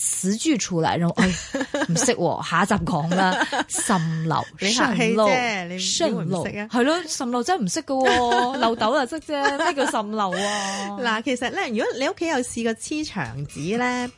死豬出嚟，然後唔識、哎，下一集講啦。滲漏，你行氣啫，你唔識啊？係咯，滲漏真係唔識噶，漏斗就識啫，咩叫滲漏啊？嗱，其實咧，如果你屋企有試過黐牆紙咧，誒、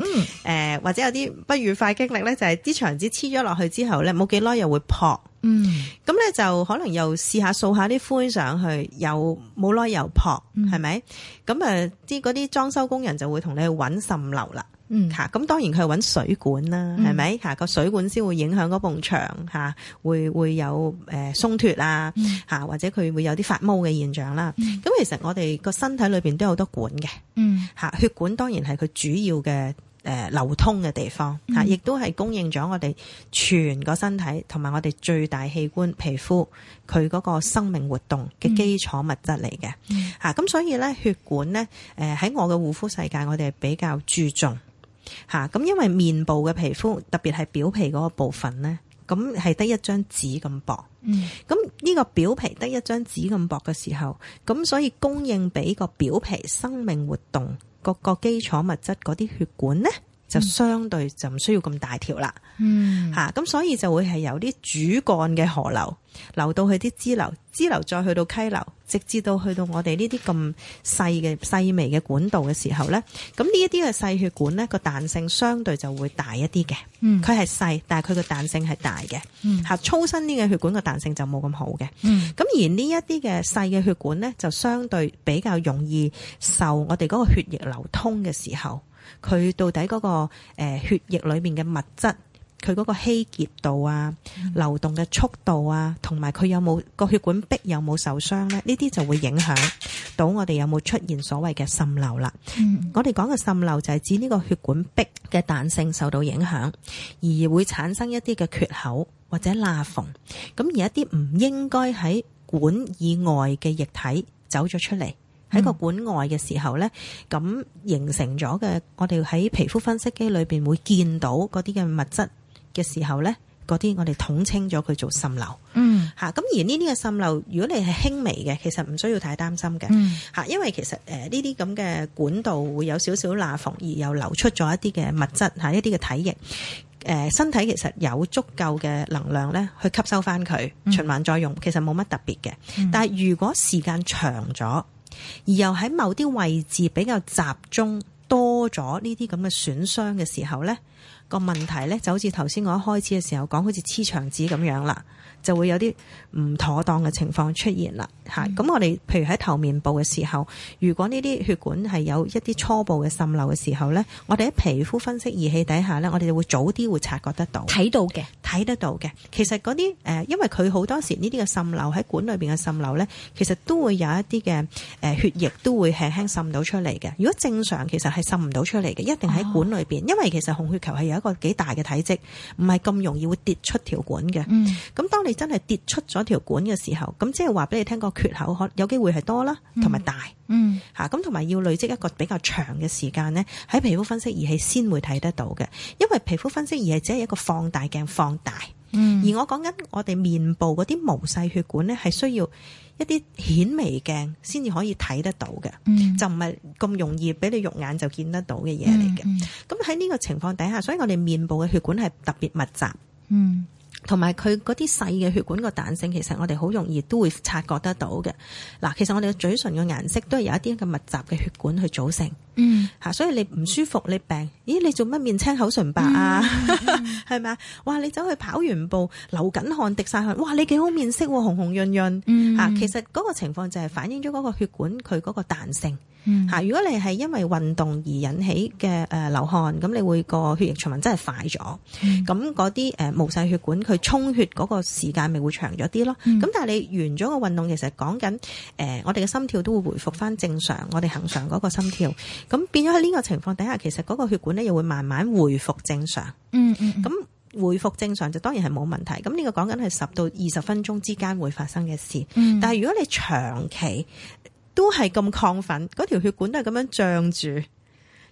呃，或者有啲不愉快經歷咧，就係、是、啲牆紙黐咗落去之後咧，冇幾耐又會破，嗯，咁咧就可能又試，試掃下掃下啲灰上去，又冇耐又破，係咪？咁誒，啲嗰啲裝修工人就會同你去揾滲漏啦。嗯，嚇，咁當然佢揾水管啦，係咪，嚇，個水管先會影響嗰埲牆，嚇，會會有誒鬆脱啊，嚇，嗯、或者佢會有啲發毛嘅現象啦。咁、嗯、其實我哋個身體裏邊都有好多管嘅，嚇、嗯、血管當然係佢主要嘅誒、呃、流通嘅地方嚇，亦都係供應咗我哋全個身體同埋我哋最大器官皮膚佢嗰個生命活動嘅基礎物質嚟嘅嚇。咁、嗯嗯啊、所以咧血管咧誒喺我嘅護膚世界，我哋比較注重。吓咁，因為面部嘅皮膚，特別係表皮嗰個部分咧，咁係得一張紙咁薄。嗯、咁呢個表皮得一張紙咁薄嘅時候，咁所以供應俾個表皮生命活動各個基礎物質嗰啲血管咧。就相對就唔需要咁大條啦，嗯，吓咁、啊、所以就會係由啲主幹嘅河流流到去啲支流，支流再去到溪流，直至到去到我哋呢啲咁細嘅細微嘅管道嘅時候咧，咁呢一啲嘅細血管咧，個彈性相對就會大一啲嘅，嗯，佢係細但係佢個彈性係大嘅，吓、嗯啊、粗身啲嘅血管個彈性就冇咁好嘅，嗯，咁而呢一啲嘅細嘅血管咧就相對比較容易受我哋嗰個血液流通嘅時候。佢到底嗰個誒血液裏面嘅物質，佢嗰個稀結度啊，流動嘅速度啊，同埋佢有冇個血管壁有冇受傷呢？呢啲就會影響到我哋有冇出現所謂嘅滲漏啦。嗯、我哋講嘅滲漏就係指呢個血管壁嘅彈性受到影響，而會產生一啲嘅缺口或者罅縫。咁而一啲唔應該喺管以外嘅液體走咗出嚟。喺個管外嘅時候咧，咁、嗯、形成咗嘅，我哋喺皮膚分析機裏邊會見到嗰啲嘅物質嘅時候咧，嗰啲我哋統稱咗佢做滲漏。嗯。嚇，咁而呢啲嘅滲漏，如果你係輕微嘅，其實唔需要太擔心嘅。嗯。因為其實誒呢啲咁嘅管道會有少少罅縫，而又流出咗一啲嘅物質嚇、啊，一啲嘅體液。誒、呃，身體其實有足夠嘅能量咧，去吸收翻佢、嗯、循環再用，其實冇乜特別嘅。嗯、但係如果時間長咗，而又喺某啲位置比較集中，多咗呢啲咁嘅損傷嘅時候，呢個問題呢就好似頭先我一開始嘅時候講，好似黐牆紙咁樣啦。就會有啲唔妥當嘅情況出現啦，嚇、嗯！咁我哋譬如喺頭面部嘅時候，如果呢啲血管係有一啲初步嘅滲漏嘅時候咧，我哋喺皮膚分析儀器底下咧，我哋就會早啲會察覺得到睇到嘅，睇得到嘅。其實嗰啲誒，因為佢好多時呢啲嘅滲漏喺管裏邊嘅滲漏咧，其實都會有一啲嘅誒血液都會輕輕滲到出嚟嘅。如果正常其實係滲唔到出嚟嘅，一定喺管裏邊，哦、因為其實紅血球係有一個幾大嘅體積，唔係咁容易會跌出條管嘅。咁當、嗯你真係跌出咗條管嘅時候，咁即係話俾你聽個缺口，可有機會係多啦，同埋大，吓，咁同埋要累積一個比較長嘅時間咧，喺皮膚分析儀器先會睇得到嘅。因為皮膚分析儀器只係一個放大鏡放大，嗯、而我講緊我哋面部嗰啲毛細血管咧，係需要一啲顯微鏡先至可以睇得到嘅，嗯、就唔係咁容易俾你肉眼就見得到嘅嘢嚟嘅。咁喺呢個情況底下，所以我哋面部嘅血管係特別密集，嗯。同埋佢嗰啲細嘅血管個彈性，其實我哋好容易都會察覺得到嘅。嗱，其實我哋嘅嘴唇嘅顏色都係有一啲咁密集嘅血管去組成。嗯吓，所以你唔舒服，你病，咦你做乜面青口唇白啊？係咪啊？哇你走去跑完步，流緊汗，汗，滴晒汗，哇你幾好面色，啊，紅紅潤潤。嗯吓，其實嗰個情況就係反映咗嗰個血管佢嗰個彈性。吓、嗯，如果你係因為運動而引起嘅誒流汗，咁你會個血液循環真係快咗。嗯，咁嗰啲誒毛細血管佢充血嗰個時間咪會長咗啲咯？咁、嗯嗯、但係你完咗個運動，其實講緊誒我哋嘅心跳都會回復返正常，我哋恒常嗰個心跳。 咁變咗喺呢個情況底下，其實嗰個血管咧又會慢慢回復正常。嗯嗯。咁、嗯、回復正常就當然係冇問題。咁呢個講緊係十到二十分鐘之間會發生嘅事。嗯、但係如果你長期都係咁亢奮，嗰條血管都係咁樣脹住，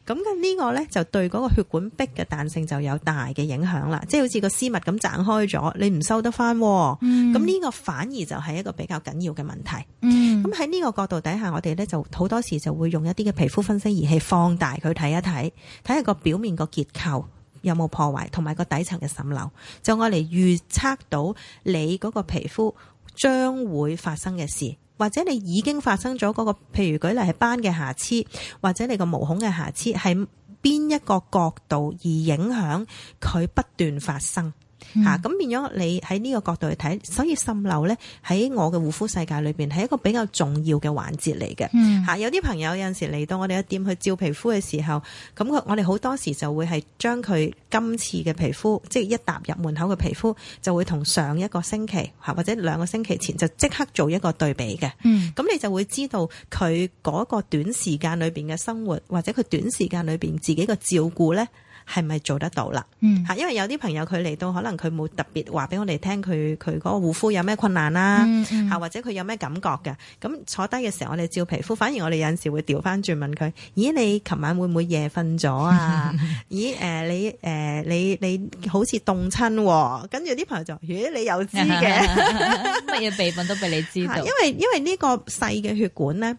咁嘅呢個咧就對嗰個血管壁嘅彈性就有大嘅影響啦。即、就、係、是、好似個絲襪咁撐開咗，你唔收得返。嗯。咁呢個反而就係一個比較緊要嘅問題。嗯嗯。咁喺呢個角度底下，我哋咧就好多時就會用一啲嘅皮膚分析儀器放大佢睇一睇，睇下個表面個結構有冇破壞，同埋個底層嘅滲漏，就愛嚟預測到你嗰個皮膚將會發生嘅事，或者你已經發生咗嗰個，譬如舉例係斑嘅瑕疵，或者你個毛孔嘅瑕疵，係邊一個角度而影響佢不斷發生？吓，咁、嗯啊、變咗你喺呢個角度去睇，所以滲漏咧喺我嘅護膚世界裏邊係一個比較重要嘅環節嚟嘅。吓、嗯啊，有啲朋友有陣時嚟到我哋嘅店去照皮膚嘅時候，咁我我哋好多時就會係將佢今次嘅皮膚，即係一踏入門口嘅皮膚，就會同上一個星期吓、啊、或者兩個星期前就即刻做一個對比嘅。咁、嗯、你就會知道佢嗰個短時間裏邊嘅生活或者佢短時間裏邊自己嘅照顧咧。係咪做得到啦？嚇、嗯，因為有啲朋友佢嚟到，可能佢冇特別話俾我哋聽，佢佢嗰個護膚有咩困難啦、啊？吓、嗯嗯、或者佢有咩感覺嘅？咁坐低嘅時候，我哋照皮膚，反而我哋有陣時會調翻轉問佢：咦，你琴晚會唔會夜瞓咗啊？ 咦，誒、呃，你誒、呃，你、呃、你，你好似凍親、啊，跟住啲朋友就話：咦，你又知嘅，乜嘢秘密都俾你知道 因？因為因為呢個細嘅血管咧。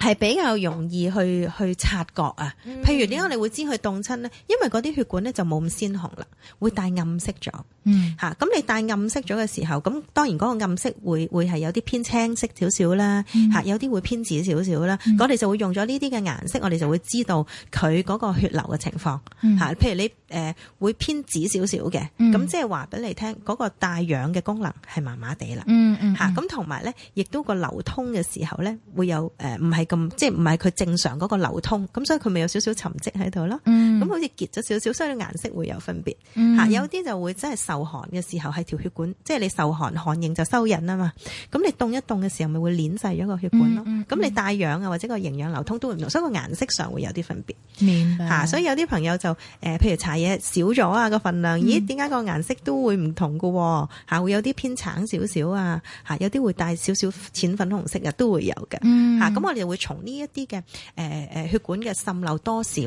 係比較容易去去察覺啊，譬如點解我哋會知佢凍親咧？因為嗰啲血管咧就冇咁鮮紅啦，會帶暗色咗。嚇、嗯，咁、嗯、你帶暗色咗嘅時候，咁當然嗰個暗色會會係有啲偏青色少少啦，嚇、嗯，有啲會偏紫少少啦。我哋就會用咗呢啲嘅顏色，我哋就會知道佢嗰個血流嘅情況嚇。譬如你誒會偏紫少少嘅，咁即係話俾你聽，嗰個帶氧嘅功能係麻麻地啦。嗯嗯嚇，咁同埋咧，亦都個流通嘅時候咧，會有誒唔係。呃咁即係唔係佢正常嗰個流通，咁所以佢咪有少少沉積喺度咯。咁好似結咗少少，所以顏色會有分別。吓、嗯，有啲就會真係受寒嘅時候係條血管，即係、嗯、你受寒寒凝就收引啊嘛。咁你凍一凍嘅時候咪會碾細咗個血管咯。咁你帶氧啊或者個營養流通都會唔同，所以個顏色上會有啲分別。明白、啊。所以有啲朋友就誒，譬如茶嘢少咗啊，個份量，咦？點解個顏色都會唔同噶、啊？吓，會有啲偏橙少少啊，吓，有啲會帶少少淺粉紅色啊都會有嘅。吓、嗯，咁我哋會。S 1 aquilo .從呢一啲嘅誒誒血管嘅滲漏多少、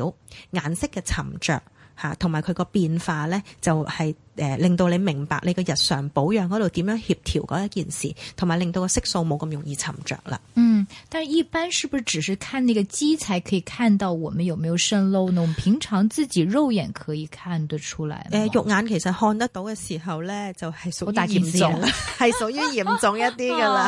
顏色嘅沉着吓同埋佢個變化咧，就係、是。誒令到你明白你嘅日常保養嗰度點樣協調嗰一件事，同埋令到個色素冇咁容易沉着啦。嗯，但係一般是不是只是看那個肌，才可以看到我們有沒有滲漏呢？我們平常自己肉眼可以看得出來。誒、呃、肉眼其實看得到嘅時候咧，就係、是、屬於嚴重，係 屬於嚴重一啲嘅啦。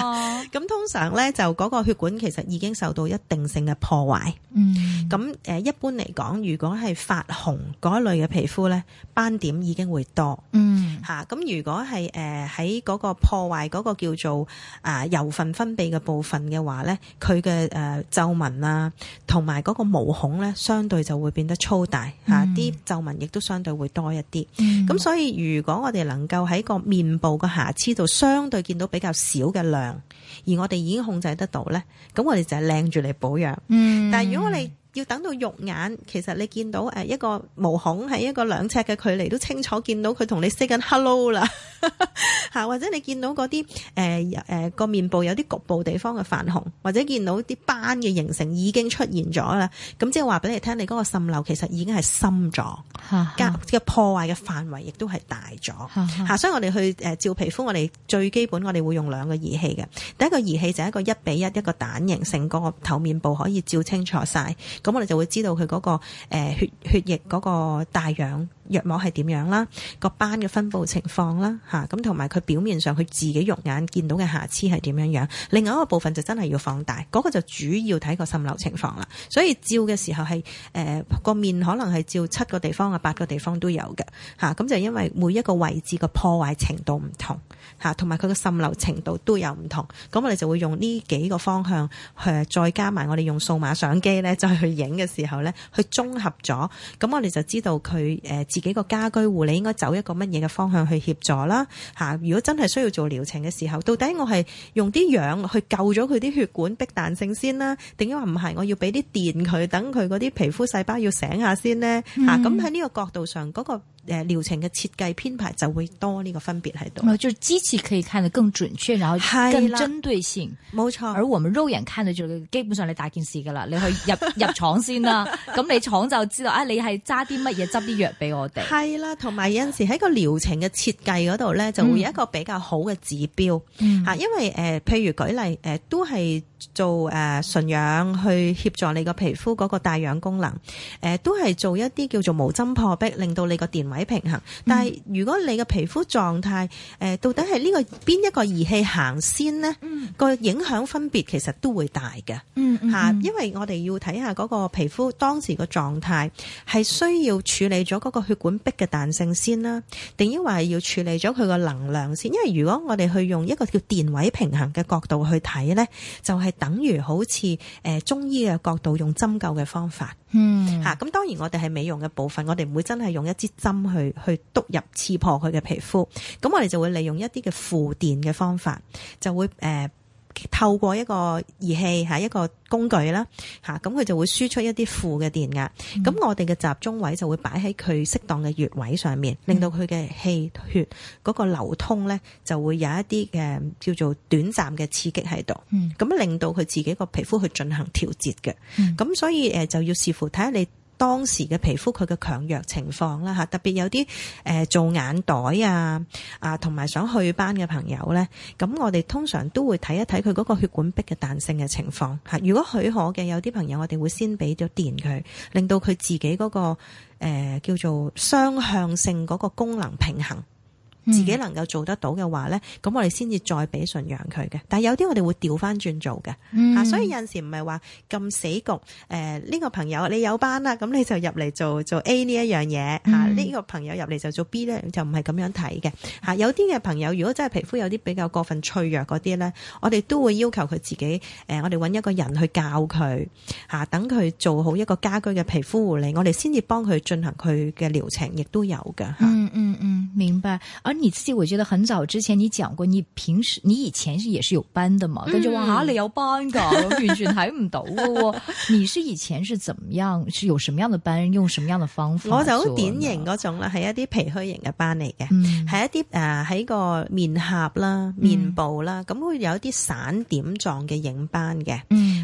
咁、 啊、通常咧，就嗰個血管其實已經受到一定性嘅破壞。嗯。咁誒一般嚟講，如果係發紅嗰類嘅皮膚咧，斑點已經會多。嗯，吓，咁如果係誒喺嗰個破壞嗰個叫做啊油份分分泌嘅部分嘅話咧，佢嘅誒皺紋啊，同埋嗰個毛孔咧，相對就會變得粗大吓，啲皺紋亦都相對會多一啲。咁，嗯，所以如果我哋能夠喺個面部嘅瑕疵度相對見到比較少嘅量，而我哋已經控制得到咧，咁我哋就係靚住嚟保養。嗯，但係如果我哋。要等到肉眼，其實你見到誒一個毛孔喺一個兩尺嘅距離都清楚見到佢同你 say 緊 hello 啦。 或者你見到嗰啲誒誒個面部有啲局部地方嘅泛紅，或者見到啲斑嘅形成已經出現咗啦，咁即係話俾你聽，你嗰個滲漏其實已經係深咗， 加嘅破壞嘅範圍亦都係大咗。嚇、 啊，所以我哋去誒照皮膚，我哋最基本我哋會用兩個儀器嘅，第一個儀器就係一個一比一一個蛋形成，成、嗰個頭面部可以照清楚晒。咁我哋就會知道佢嗰、嗰個、呃、血血液嗰個帶氧。藥膜係點樣啦？個斑嘅分布情況啦，嚇、咁同埋佢表面上佢自己肉眼見到嘅瑕疵係點樣樣？另外一個部分就真係要放大，嗰、那個就主要睇個滲漏情況啦。所以照嘅時候係誒個面可能係照七個地方啊，八個地方都有嘅，嚇、啊、咁就因為每一個位置嘅破壞程度唔同嚇，同埋佢嘅滲漏程度都有唔同。咁我哋就會用呢幾個方向去、呃、再加埋我哋用數碼相機咧，再去影嘅時候咧，去綜合咗。咁我哋就知道佢誒。呃自己個家居護理應該走一個乜嘢嘅方向去協助啦？吓，如果真係需要做療程嘅時候，到底我係用啲氧去救咗佢啲血管逼彈性先啦？定係話唔係，我要俾啲電佢，等佢嗰啲皮膚細胞要醒下先呢？吓、嗯，咁喺呢個角度上，嗰、那個。誒，療程嘅設計編排就會多呢個分別喺度。咁啊、嗯，就係機器可以看得更準確，然後更針對性。冇錯，錯而我們肉眼看得住，基本上你大件事噶啦，你去入入廠先啦，咁 你廠就知道啊，你係揸啲乜嘢執啲藥俾我哋。係啦，同埋有陣時喺個療程嘅設計嗰度咧，就會有一個比較好嘅指標吓、嗯啊，因為誒、呃，譬如舉例誒、呃，都係。做誒純氧，去協助你個皮膚嗰個帶氧功能，誒、呃、都係做一啲叫做無針破壁，令到你個電位平衡。嗯、但係如果你個皮膚狀態，誒到底係呢、呢個邊一個儀器行先咧？個、嗯、影響分別其實都會大嘅。嗯、吓、嗯啊，因為我哋要睇下嗰個皮膚當時個狀態係需要處理咗嗰個血管壁嘅彈性先啦，定抑或係要處理咗佢個能量先？因為如果我哋去用一個叫電位平衡嘅角度去睇咧，就係、係。係等於好似誒、呃、中醫嘅角度，用針灸嘅方法，嗯吓，咁、啊、當然我哋係美容嘅部分，我哋唔會真係用一支針去去督入刺破佢嘅皮膚，咁我哋就會利用一啲嘅負電嘅方法，就會誒。呃透過一個儀器嚇一個工具啦嚇，咁佢就會輸出一啲負嘅電壓，咁、mm hmm. 我哋嘅集中位就會擺喺佢適當嘅穴位上面，mm hmm. 令到佢嘅氣血嗰個流通咧，就會有一啲嘅叫做短暫嘅刺激喺度，咁、mm hmm. 令到佢自己個皮膚去進行調節嘅，咁、mm hmm. 所以誒就要視乎睇下你。當時嘅皮膚佢嘅強弱情況啦嚇，特別有啲誒、呃、做眼袋啊啊，同埋想祛斑嘅朋友咧，咁我哋通常都會睇一睇佢嗰個血管壁嘅彈性嘅情況嚇。如果許可嘅有啲朋友，我哋會先俾咗電佢，令到佢自己嗰、嗰個、呃、叫做雙向性嗰個功能平衡。自己能夠做得到嘅話咧，咁、嗯、我哋先至再俾信仰佢嘅。但係有啲我哋會調翻轉做嘅嚇、嗯啊，所以有陣時唔係話咁死局。誒、呃、呢、這個朋友你有班啦，咁你就入嚟做做 A 呢一樣嘢嚇。呢、啊嗯、個朋友入嚟就做 B 咧，就唔係咁樣睇嘅嚇。有啲嘅朋友，如果真係皮膚有啲比較過分脆弱嗰啲咧，我哋都會要求佢自己誒、呃，我哋揾一個人去教佢嚇，等、啊、佢做好一個家居嘅皮膚護理，我哋先至幫佢進行佢嘅療程，亦都有嘅嚇、啊嗯。嗯。明白，而你自己，我覺得很早之前你講過，你平時你以前是也是有斑的嘛？跟住話吓你有斑噶， 完全睇唔到。你是以前是怎樣？是有什麼樣嘅斑？用什麼樣嘅方法？我就好典型嗰種啦，係一啲脾虛型嘅斑嚟嘅，係、嗯、一啲誒喺個面頰啦、面部啦，咁、嗯、會有一啲散點狀嘅影斑嘅。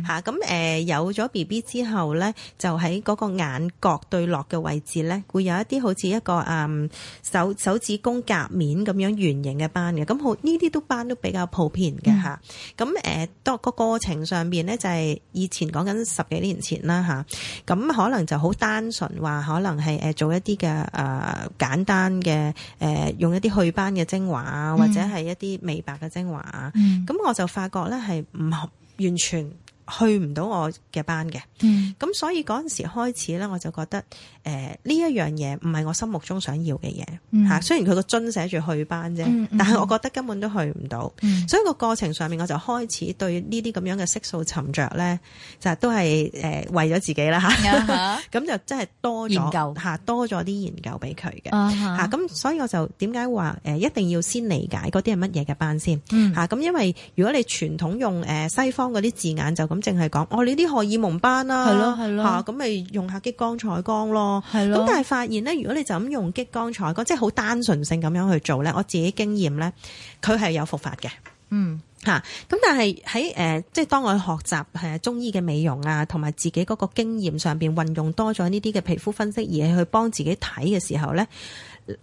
吓咁誒有咗 B B 之後咧，就喺嗰個眼角對落嘅位置咧，會有一啲好似一個誒手、嗯、手。手手手子宮甲面咁樣圓形嘅斑嘅。咁好呢啲都斑都比較普遍嘅吓。咁誒、嗯，當個過程上邊咧，就係、是、以前講緊十幾年前啦吓，咁可能就好單純話，可能係誒做一啲嘅誒簡單嘅誒，用一啲去斑嘅精華啊，或者係一啲美白嘅精華啊。咁、嗯、我就發覺咧係唔合完全。去唔到我嘅班嘅，咁、嗯、所以嗰陣時開始咧，我就覺得誒呢、呃、一樣嘢唔係我心目中想要嘅嘢吓，嗯、雖然佢個樽寫住去班啫，嗯嗯、但係我覺得根本都去唔到。嗯、所以個過程上面，我就開始對呢啲咁樣嘅色素沉着咧，就都係誒、呃、為咗自己啦嚇。咁就真係多咗研究吓多咗啲研究俾佢嘅吓，咁所以我就點解話誒一定要先理解嗰啲係乜嘢嘅班先吓，咁、啊、因為如果你傳統用誒、呃、西方嗰啲字眼就咁淨係講，我哋啲荷爾蒙斑啦、啊，係咯，吓咁咪用下激光彩光咯，係咯的。咁但係發現咧，如果你就咁用激光彩光，即係好單純性咁樣去做咧，我自己經驗咧，佢係有復發嘅。嗯，吓咁、啊、但係喺誒，即係當我學習誒中醫嘅美容啊，同埋自己嗰個經驗上邊運用多咗呢啲嘅皮膚分析，而係去幫自己睇嘅時候咧。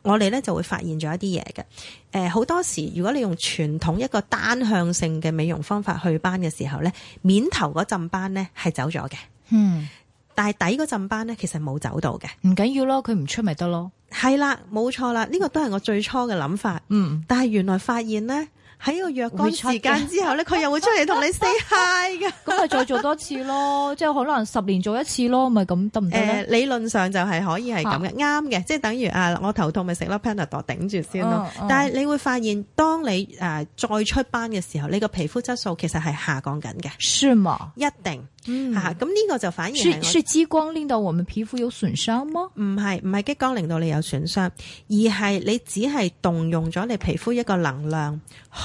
我哋咧就會發現咗一啲嘢嘅，誒、呃、好多時如果你用傳統一個單向性嘅美容方法祛斑嘅時候咧，面頭嗰陣斑咧係走咗嘅，嗯，但係底嗰陣斑咧其實冇走到嘅，唔緊要咯，佢唔出咪得咯，係啦，冇錯啦，呢、呢個都係我最初嘅諗法，嗯，但係原來發現咧。喺個若干時間之後咧，佢出 又會出嚟同你 say hi 嘅。咁咪再做多次咯，即係可能十年做一次咯，咪咁得唔得？理論上就係可以係咁嘅，啱嘅、啊，即係、就是、等於啊，我頭痛咪食粒 Panadol 頂住先咯。但係你會發現，當你誒、啊、再出斑嘅時候，你個皮膚質素其實係下降緊嘅。是嘛嗎？一定。吓、嗯，咁呢、啊、個就反而係。是激光令到我哋皮膚有損傷麼？唔係，唔係激光令到你有損傷，而係你只係動用咗你皮膚一個能量。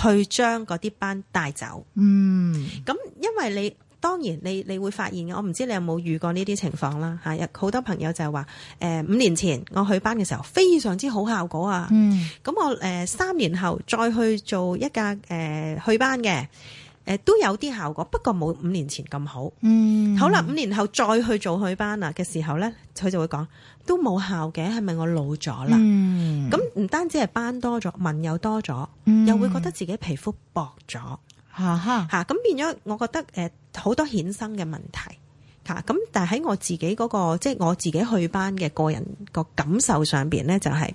去將嗰啲斑帶走，嗯，咁因為你當然你你會發現，我唔知你有冇遇過呢啲情況啦吓，好多朋友就係話誒五年前我去斑嘅時候非常之好效果啊，嗯，咁我誒三、呃、年後再去做一架誒、呃、去斑嘅，誒、呃、都有啲效果，不過冇五年前咁好，嗯，好啦，五年後再去做去斑啦嘅時候咧，佢就會講。都冇效嘅，係咪我老咗啦？咁唔、嗯、單止係斑多咗，紋又多咗，嗯、又會覺得自己皮膚薄咗。吓吓吓，咁、嗯、變咗，我覺得誒，好多衍生嘅問題。吓咁，但係喺我自己嗰、那個，即、就、係、是、我自己去斑嘅個人個感受上邊咧，就係、是、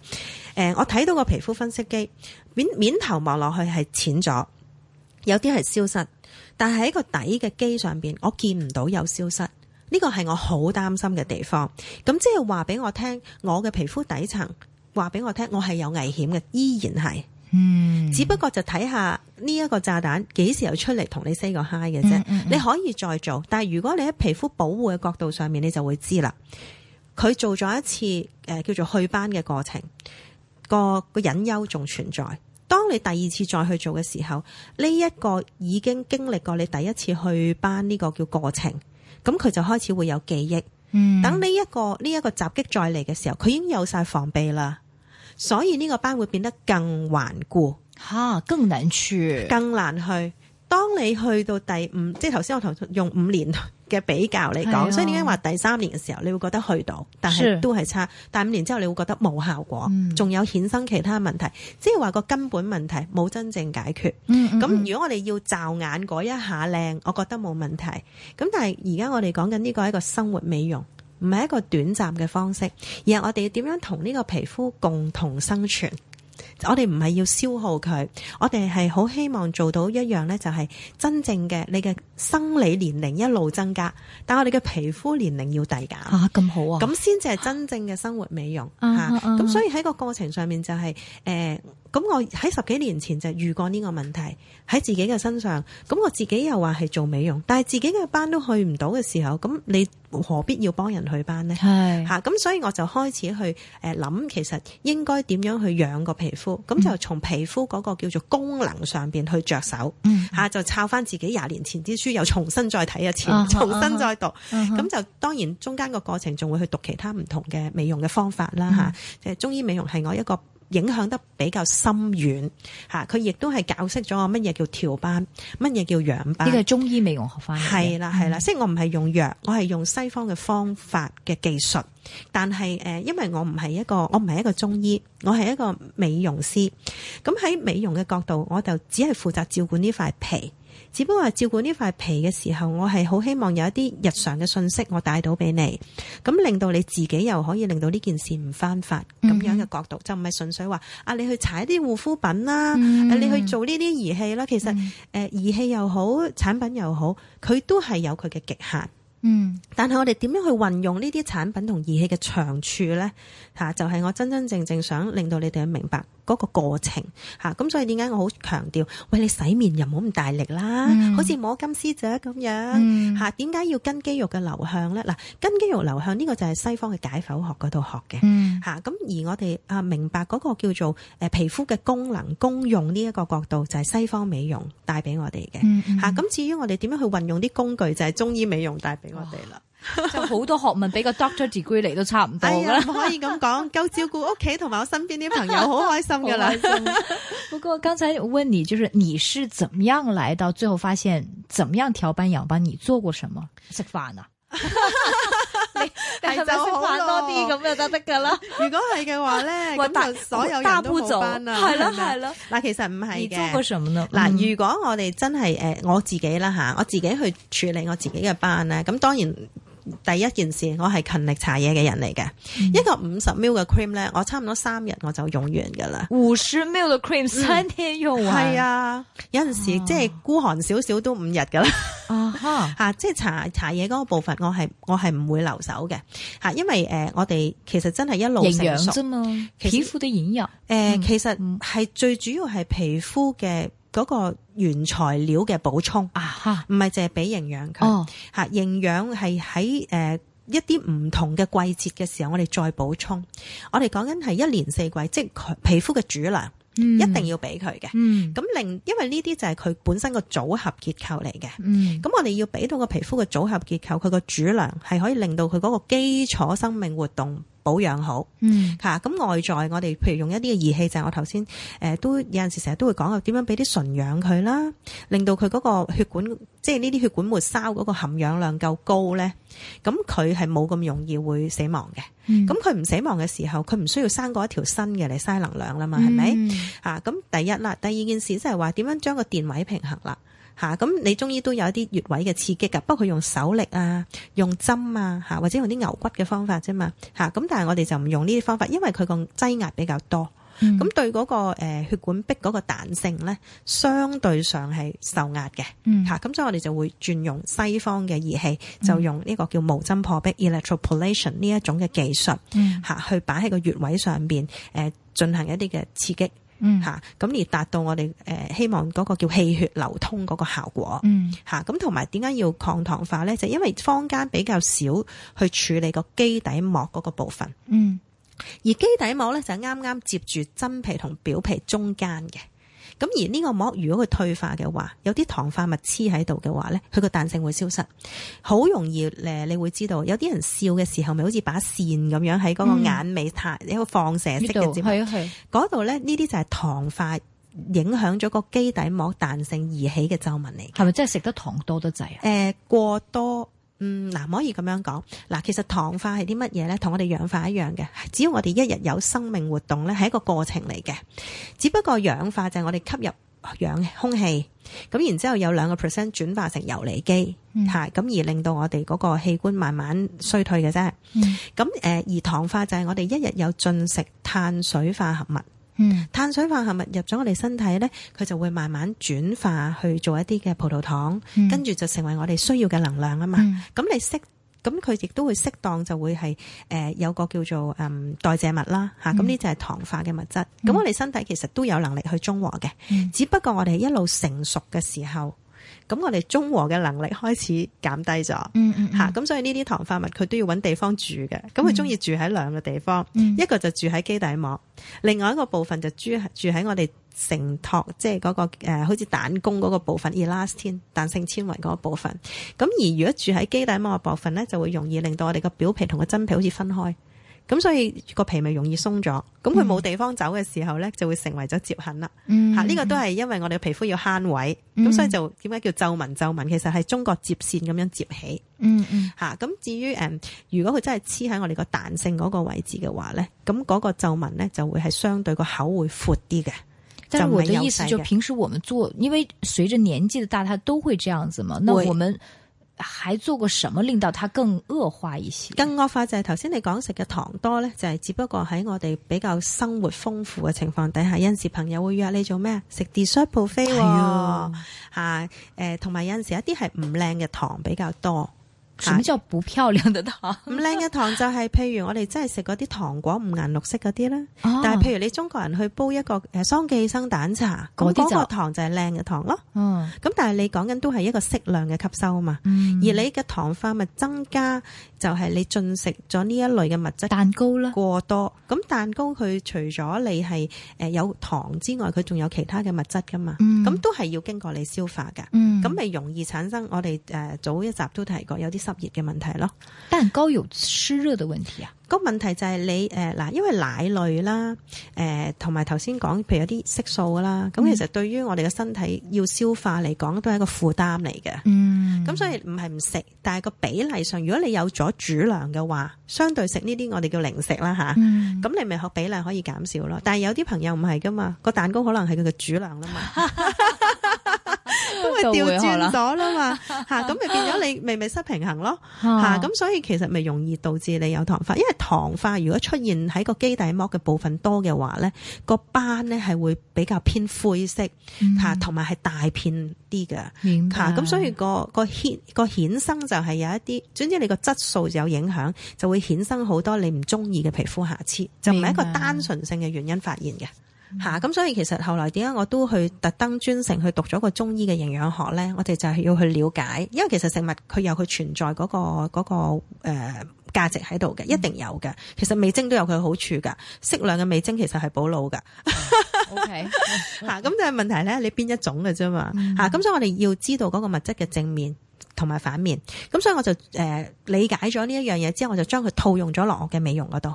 誒，我睇到個皮膚分析機面面頭望落去係淺咗，有啲係消失，但係喺個底嘅機上邊，我見唔到有消失。呢個係我好擔心嘅地方，咁即係話俾我聽，我嘅皮膚底層話俾我聽，我係有危險嘅，依然係嗯，只不過就睇下呢一個炸彈幾時又出嚟同你 say 個 hi 嘅啫。嗯嗯嗯、你可以再做，但係如果你喺皮膚保護嘅角度上面，你就會知啦。佢做咗一次誒、呃、叫做祛斑嘅過程，個個隱憂仲存在。當你第二次再去做嘅時候，呢、這、一個已經經歷過你第一次去斑呢個叫過程。咁佢就開始會有記憶，嗯、等呢一個呢一個襲擊再嚟嘅時候，佢已經有晒防備啦，所以呢個斑會變得更頑固，嚇，更難處，更難去。當你去到第五，即係頭先我頭用五年嘅比較嚟講，所以點解話第三年嘅時候，你會覺得去到，但係都係差。是但係五年之後，你會覺得冇效果，仲、嗯、有衍生其他問題，即係話個根本問題冇真正解決。咁、嗯嗯嗯、如果我哋要驟眼嗰一下靚，我覺得冇問題。咁但係而家我哋講緊呢個係一個生活美容，唔係一個短暫嘅方式，而係我哋要點樣同呢個皮膚共同生存。我哋唔係要消耗佢，我哋係好希望做到一樣咧，就係真正嘅你嘅生理年齡一路增加，但我哋嘅皮膚年齡要遞減。吓，咁、啊、好啊！咁先至係真正嘅生活美容吓。咁、啊啊啊、所以喺個過程上面就係、是、誒、咁、呃、我喺十幾年前就遇過呢個問題喺自己嘅身上，咁我自己又話係做美容，但係自己嘅斑都去唔到嘅時候，咁你何必要幫人去斑咧？係吓是，咁、啊、所以我就開始去誒諗，其實應該點樣去養個皮膚。咁、嗯、就從皮膚嗰個叫做功能上邊去着手，吓、嗯、就抄翻自己廿年前啲書，又重新再睇一次，uh huh. 重新再讀。咁就、uh huh. 當然中間個過程仲會去讀其他唔同嘅美容嘅方法啦，吓、uh，即、huh. 係中醫美容係我一個。影響得比較深遠嚇，佢亦都係教識咗我乜嘢叫調斑，乜嘢叫養斑。呢個係中醫美容學翻嘅。係啦，係啦，即係的的我唔係用藥，我係用西方嘅方法嘅技術。但係誒、呃，因為我唔係一個，我唔係一個中醫，我係一個美容師。咁喺美容嘅角度，我就只係負責照顧呢塊皮。只不過照顧呢塊皮嘅時候，我係好希望有一啲日常嘅信息，我帶到俾你，咁令到你自己又可以令到呢件事唔翻發咁樣嘅角度，嗯、就唔係純粹話啊，你去搽啲護膚品啦、啊嗯啊，你去做呢啲儀器啦、啊，其實誒、嗯、儀器又好，產品又好，佢都係有佢嘅極限。嗯，但係我哋點樣去運用呢啲產品同儀器嘅長處呢？嚇，就係、是、我真真正正，正想令到你哋明白。嗰個過程吓，咁、啊、所以點解我好強調？喂，你洗面又冇咁大力啦，嗯、好似摸金絲雀咁樣吓。點、啊、解要跟肌肉嘅流向咧？嗱、啊，跟肌肉流向呢、這個就係西方嘅解剖學嗰度學嘅吓。咁、嗯啊、而我哋啊明白嗰個叫做誒皮膚嘅功能功用呢一個角度，就係、是、西方美容帶俾我哋嘅吓。咁、嗯嗯啊、至於我哋點樣去運用啲工具，就係、是、中醫美容帶俾我哋啦。哦就好多學問，比個 doctor degree 嚟，都差唔多啦。唔可以咁講，夠照顧屋企同埋我身邊啲朋友，好開心噶啦。不過剛才我問你，就是你是怎麼樣嚟到，最後發現怎麼樣調班養班？你做過什麼食飯啊？係就食飯多啲咁就得噶啦。如果係嘅話咧，咁就所有人都好班啦。係咯係咯。嗱，其實唔係嘅。嗱，如果我哋真係誒我自己啦吓，我自己去處理我自己嘅班咧，咁當然。第一件事，我係勤力搽嘢嘅人嚟嘅，嗯、一個五十 ml 嘅 cream 咧，我差唔多三日我就用完噶啦。五十 ml 嘅 cream 三天用啊，係啊，有陣時、啊、即係孤寒少少都五日噶啦。啊吓即係搽搽嘢嗰個部分，我係我係唔會留守嘅吓、啊，因為誒、呃、我哋其實真係一路營養啫嘛，皮膚的引入誒，其實係、呃嗯嗯、最主要係皮膚嘅。嗰個原材料嘅補充啊，唔係淨係俾營養佢嚇、哦、營養係喺誒一啲唔同嘅季節嘅時候，我哋再補充。我哋講緊係一年四季，即係皮膚嘅主糧，一定要俾佢嘅。咁另、嗯嗯、因為呢啲就係佢本身個組合結構嚟嘅。咁我哋要俾到個皮膚嘅組合結構，佢個、嗯嗯、主糧係可以令到佢嗰個基礎生命活動。保養好，吓、嗯、咁、啊、外在我哋，譬如用一啲嘅儀器，就係、是、我頭先誒都有陣時成日都會講嘅，點樣俾啲純氧佢啦，令到佢嗰個血管，即係呢啲血管末梢嗰個含氧量夠高咧，咁佢係冇咁容易會死亡嘅。咁佢唔死亡嘅時候，佢唔需要生過一條新嘅嚟嘥能量啦嘛，係咪？嗯、啊、咁第一啦，第二件事即係話點樣將個電位平衡啦。嚇，咁、啊、你中醫都有一啲穴位嘅刺激噶，不過佢用手力啊、用針啊、嚇或者用啲牛骨嘅方法啫嘛，嚇、啊、咁但係我哋就唔用呢啲方法，因為佢個擠壓比較多，咁、嗯、對嗰個血管壁嗰個彈性咧，相對上係受壓嘅，嚇咁、嗯啊、所以我哋就會轉用西方嘅儀器，就用呢個叫無針破壁 electroporation 呢一種嘅技術嚇、啊，去擺喺個穴位上邊誒進行一啲嘅刺激。嗯吓，咁而達到我哋誒希望個叫氣血流通個效果。嗯吓，咁同埋點解要抗糖化咧？就因為坊間比較少去處理個基底膜個部分。嗯，而基底膜咧就啱啱接住真皮同表皮中間嘅。咁而呢個膜如果佢退化嘅話，有啲糖化物黐喺度嘅話咧，佢個彈性會消失，好容易咧，你會知道有啲人笑嘅時候咪好似把扇咁樣喺嗰個眼尾太，一個、嗯、放射式嘅節目，嗰度咧呢啲就係糖化影響咗個基底膜彈性而起嘅皺紋嚟，係咪真係食得糖多得滯啊？誒，過多。嗯，嗱，可以咁樣講，嗱，其實糖化係啲乜嘢咧？同我哋氧化一樣嘅，只要我哋一日有生命活動咧，係一個過程嚟嘅。只不過氧化就係我哋吸入氧空氣，咁然之後有兩個 percent 轉化成游離基，係咁、嗯、而令到我哋嗰個器官慢慢衰退嘅啫。咁誒、嗯，而糖化就係我哋一日有進食碳水化合物。嗯、碳水化合物入咗我哋身體咧，佢就會慢慢轉化去做一啲嘅葡萄糖，嗯、跟住就成為我哋需要嘅能量啊嘛。咁、嗯、你適，咁佢亦都會適當就會係誒、呃、有個叫做誒、呃、代謝物啦吓，咁呢、嗯、就係糖化嘅物質。咁、嗯、我哋身體其實都有能力去中和嘅，嗯、只不過我哋一路成熟嘅時候。咁我哋中和嘅能力開始減低咗。嚇、咁、嗯嗯嗯啊、所以呢啲糖化物佢都要揾地方住嘅，咁佢中意住喺兩個地方，嗯、一個就住喺基底膜，嗯、另外一個部分就住住喺我哋承托，即係嗰個、呃、好似彈弓嗰個部分 elastin 彈性纖維嗰個部分。咁而如果住喺基底膜嘅部分咧，就會容易令到我哋個表皮同個真皮好似分開。咁所以個皮咪容易鬆咗，咁佢冇地方走嘅時候咧，嗯、就會成為咗摺痕啦。吓、嗯，呢、啊這個都係因為我哋嘅皮膚要慳位，咁、嗯、所以就點解叫皺紋皺紋？紋其實係中國接綫咁樣摺起。嗯嗯。吓、啊，咁至於誒、呃，如果佢真係黐喺我哋個彈性嗰個位置嘅話咧，咁嗰個皺紋咧就會係相對個口會闊啲嘅。就有有但係我嘅意思就，平時我們做，因為隨着年紀嘅大，它都會這樣子嘛。那我們。還做過什麼令到佢更惡化一些？更惡化就係頭先你講食嘅糖多咧，就係只不過喺我哋比較生活豐富嘅情況底下，有陣時朋友會約你做咩啊？食 dessert buffet 喎。吓誒、啊，同、呃、埋有陣時一啲係唔靚嘅糖比較多。什麼叫唔漂亮的糖？唔靚嘅糖就係，譬如我哋真係食嗰啲糖果，五顏六色嗰啲啦，哦、但係，譬如你中國人去煲一個誒桑寄生蛋茶，嗰啲就個糖就係靚嘅糖咯。嗯。咁但係你講緊都係一個適量嘅吸收啊嘛。嗯、而你嘅糖化物增加，就係你進食咗呢一類嘅物質蛋糕啦。過多咁蛋糕佢除咗你係誒有糖之外，佢仲有其他嘅物質噶嘛。嗯。咁都係要經過你消化噶。嗯。咁咪、嗯、容易產生我哋誒、呃、早一集都提過有啲。濕熱嘅問題咯，蛋糕有濕熱的、的問題啊，個問題就係你誒嗱、呃，因為奶類啦，誒同埋頭先講，譬如，有啲色素啦，咁、嗯、其實對於我哋嘅身體要消化嚟講，都係一個負擔嚟嘅。嗯，咁所以唔係唔食，但係個比例上，如果你有咗主糧嘅話，相對食呢啲我哋叫零食啦吓，咁、啊嗯、你咪學比例可以減少咯。但係有啲朋友唔係噶嘛，個蛋糕可能係佢嘅主糧啦嘛。 都係調轉咗啦嘛，吓咁咪變咗你微微失平衡咯，吓咁、 啊、所以其實咪容易導致你有糖化，因為糖化如果出現喺個肌底膜嘅部分多嘅話咧，個斑咧係會比較偏灰色，吓同埋係大片啲嘅，吓咁明白、啊、所以、那個個個衍生就係有一啲，總之你個質素就有影響，就會衍生好多你唔中意嘅皮膚瑕疵，就唔係一個單純性嘅原因發現嘅。吓，咁、嗯啊、所以其實後來點解我都去特登專程去讀咗個中醫嘅營養學咧？我哋就係要去了解，因為其實食物佢有佢存在嗰、那個嗰、那個誒價、呃、值喺度嘅，一定有嘅。其實味精都有佢好處噶，適量嘅味精其實係補腦噶。O K，吓，咁、 嗯啊、就係問題咧，你邊一種嘅啫嘛？吓、嗯，咁、啊、所以我哋要知道嗰個物質嘅正面同埋反面。咁所以我就誒、呃、理解咗呢一樣嘢之後，我就將佢套用咗落我嘅美容嗰度。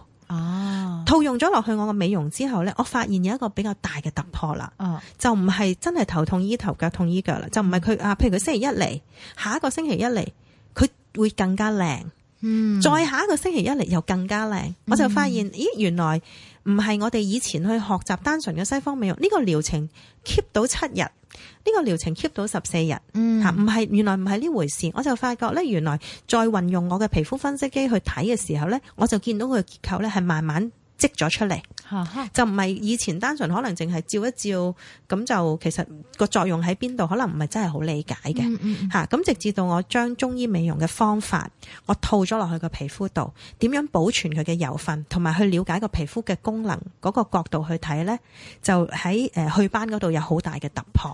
套用咗落去我嘅美容之後呢，我發現有一個比較大嘅突破啦，哦，就唔係真係頭痛醫頭腳痛醫腳啦，就唔係佢啊。譬如佢星期一嚟，下一個星期一嚟，佢會更加靚。嗯，再下一個星期一嚟又更加靚，我就發現、嗯、咦，原來唔係我哋以前去學習單純嘅西方美容呢，呢個療程 keep 到七日，呢，呢個療程 keep 到十四日，吓唔係原來唔係呢回事，我就發覺呢，原來再運用我嘅皮膚分析機去睇嘅時候呢，我就見到佢嘅結構呢係慢慢。積咗出嚟， 就唔係以前單純可能淨係照一照，咁就其實個作用喺邊度，可能唔係真係好理解嘅，吓咁 直至到我將中醫美容嘅方法，我套咗落去個皮膚度，點樣保存佢嘅油分，同埋去了解個皮膚嘅功能個角度去睇咧，就喺誒祛斑度有好大嘅突破，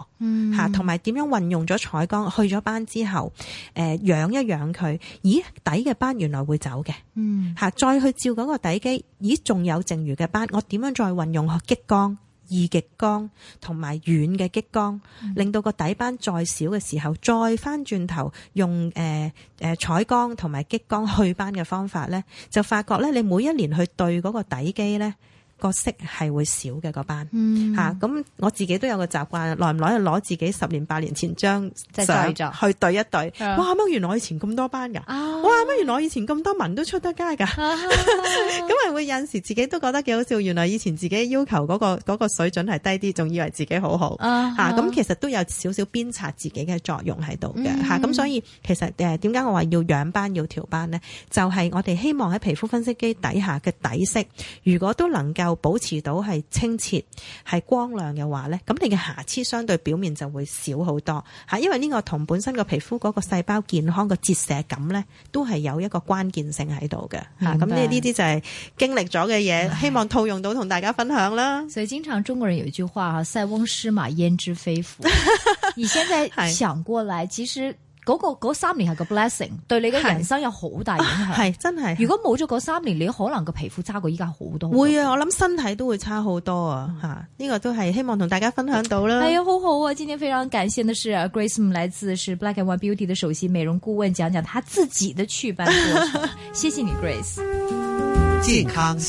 吓同埋點樣運用咗彩光去咗斑之後，誒、呃、養一養佢，咦底嘅斑原來會走嘅，吓 再去照個底肌咦仲有。有剩餘嘅斑，我點樣再運用激光、二極光同埋軟嘅激光，令到個底斑再少嘅時候，再翻轉頭用誒誒、呃呃、彩光同埋激光去斑嘅方法呢，就發覺呢，你每一年去對嗰個底肌呢。角色係會少嘅個班。吓咁、嗯啊、我自己都有個習慣，耐唔耐就攞自己十年八年前張，即係去對一對，嗯、哇！乜原來我以前咁多班噶，啊、哇！乜原來我以前咁多文都出得街噶，咁係、啊、哈 會有陣時自己都覺得幾好笑，原來以前自己要求嗰、那個、那個水準係低啲，仲以為自己好好，吓咁其實都有少少鞭策自己嘅作用喺度嘅，吓咁、嗯啊、所以其實誒點解我話要養班要調班呢？就係、是、我哋希望喺皮膚分析機底下嘅底色，如果都能夠。保持到係清澈、係光亮嘅話咧，咁你嘅瑕疵相對表面就會少好多，吓，因為呢個同本身個皮膚嗰個細胞健康嘅折射感咧，都係有一個關鍵性喺度嘅吓，咁呢啲就係經歷咗嘅嘢，對希望套用到同大家分享啦。對所以經常中國人有一句話啊，塞翁失馬焉知非福， 你現在想過來， 是其實。嗰、那個三年係個 blessing，對你嘅人生有好大影響，係、啊、真係。如果冇咗嗰三年，你可能個皮膚差過依家好多。會啊，我諗身體都會差好多啊，吓呢、嗯啊，這個都係希望同大家分享到啦。係啊、哎，好好啊，今天非常感謝的是、啊、Grace，來自是 Black and White Beauty 的首席美容顧問，講講佢自己的祛斑。 謝謝你，Grace。健康。